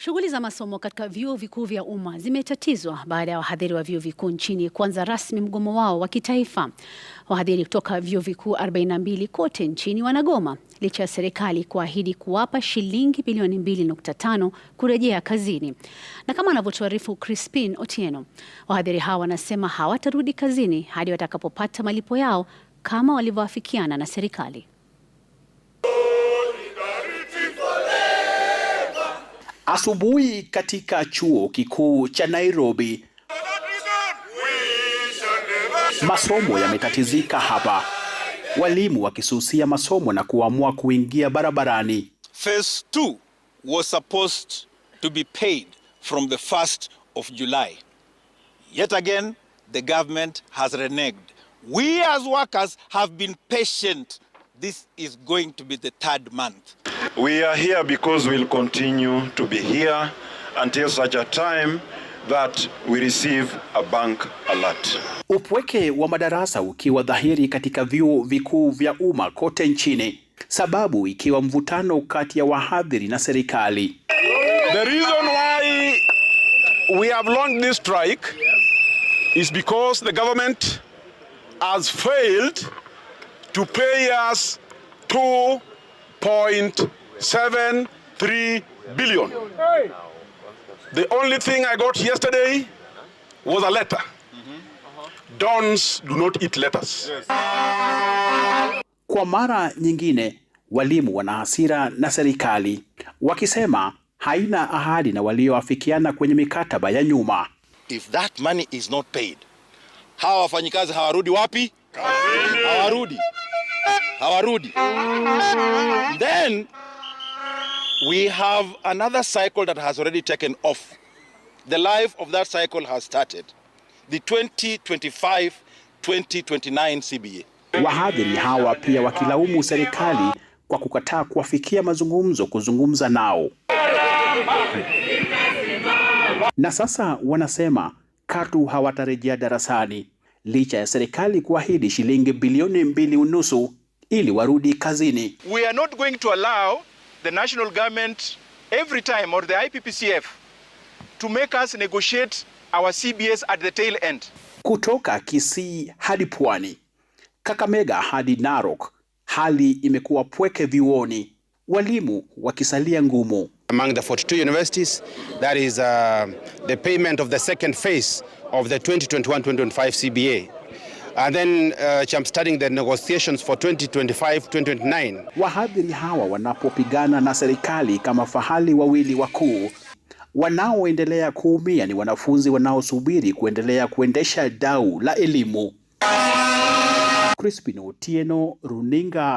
Shughuli za masomo katika vyuo vikuu vya umma zimetatizwa baada ya wahadhiri wa vyuo vikuu nchini kuanza rasmi mgomo wao wa kitaifa. Wahadhiri kutoka vyuo vikuu 42 kote nchini wanagoma licha ya serikali kuahidi kuwapa shilingi bilioni 2.5 kurejea kazini. Na kama anavyotuarifu Crispin Otieno, wahadhiri hawa wanasema hawatarudi kazini hadi watakapopata malipo yao kama walivyoafikiana na serikali. Asubuhi katika chuo kikuu cha Nairobi, masomo yametatizika hapa, walimu wakisusia masomo na kuamua kuingia barabarani. Phase 2 was supposed to be paid from the 1st of July. Yet again, the government has reneged. We as workers have been patient. This is going to be the third month. We are here because we'll continue to be here until such a time that we receive a bank alert. Upweke wa madarasa ukiwa dhahiri katika vyuo vikuu vya umma kote nchini, sababu ikiwa mvutano kati ya wahadhiri na serikali. The reason why we have launched this strike is because the government has failed to pay us 2.5 73 billion. The only thing I got yesterday was a letter. Dons do not eat letters. Kwa mara nyingine walimu wana hasira na serikali wakisema haina ahadi na walioafikiana kwenye mikataba ya nyuma. If that money is not paid, hawa wafanyikazi hawarudi wapi? Hawarudi, hawarudi then we have another cycle that has already taken off. The life of that cycle has started. The 2025-2029 CBA. Wahadhiri hawa pia wakilaumu serikali kwa kukataa kuwafikia mazungumzo kuzungumza nao. Na sasa wanasema katu hawatarejea darasani licha ya serikali kuahidi shilingi bilioni mbili unusu ili warudi kazini. We are not going to allow the national government every time or the IPPCF to make us negotiate our CBS at the tail end. Kutoka Kisii hadi Pwani, Kakamega hadi Narok, hali imekuwa pweke viwoni, walimu wakisalia ngumu. Among the 42 universities, that is uh, the payment of the second phase of the 2021-2025 CBA and then uh, starting the negotiations for 2025 2029. Wahadhiri hawa wanapopigana na serikali kama fahali wawili wakuu, wanaoendelea kuumia ni wanafunzi wanaosubiri kuendelea kuendesha dau la elimu. Crispin Otieno, Runinga